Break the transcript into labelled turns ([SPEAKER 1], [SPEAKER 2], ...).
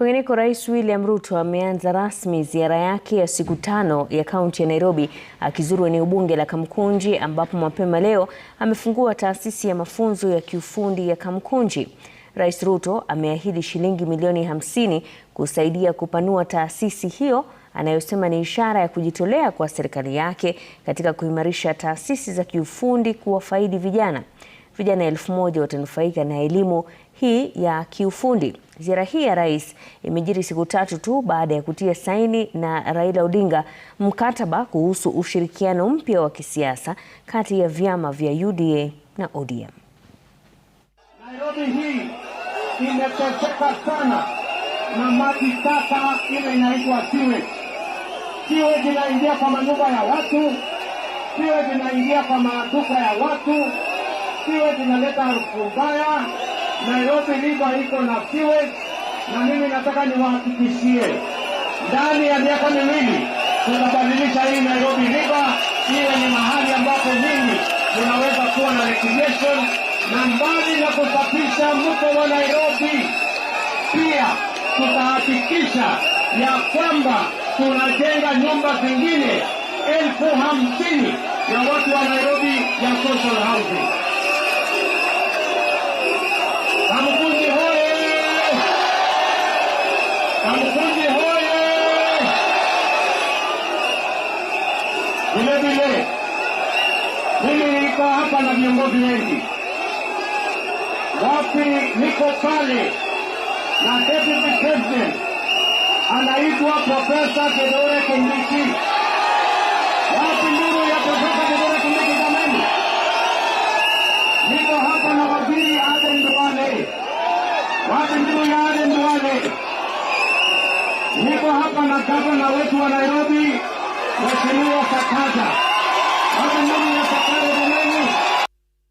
[SPEAKER 1] Kwingineko, Rais William Ruto ameanza rasmi ziara yake ya siku tano ya kaunti ya Nairobi akizuru eneo bunge la Kamkunji ambapo mapema leo amefungua taasisi ya mafunzo ya kiufundi ya Kamkunji. Rais Ruto ameahidi shilingi milioni hamsini kusaidia kupanua taasisi hiyo anayosema ni ishara ya kujitolea kwa serikali yake katika kuimarisha taasisi za kiufundi kuwafaidi vijana. Vijana elfu moja watanufaika na elimu hii ya kiufundi. Ziara hii ya rais imejiri siku tatu tu baada ya kutia saini na Raila Odinga mkataba kuhusu ushirikiano mpya wa kisiasa kati ya vyama vya UDA na ODM.
[SPEAKER 2] Nairobi hii imeteseka sana na maji taka ile inaitwa siwe siwe, zinaingia kwa manyumba ya watu, siwe zinaingia kwa maduka ya watu, siwe zinaleta harufu mbaya. Nairobi River iko na sewage, na mimi nataka niwahakikishie ndani ya miaka miwili tutabadilisha hii Nairobi River iwe ni mahali ambapo mimi tunaweza kuwa na recreation, na mbali na kusafisha mto wa Nairobi, pia tutahakikisha ya kwamba tunajenga nyumba zingine elfu hamsini ya watu wa Nairobi ya social housing. Uchaguzi hoye! Vile vile mimi niko hapa na viongozi wengi, wapi niko pale na deputy president anaitwa Profesa Kithure Kindiki. Wapi nduru ya Profesa Kithure Kindiki? Jamani, niko hapa na waziri Aden Duale. Wapi nuru ya Aden Duale? Niko hapa na gavana wetu wa Nairobi, Mheshimiwa Sakaja. Hapo ndani ya Sakaja jamani.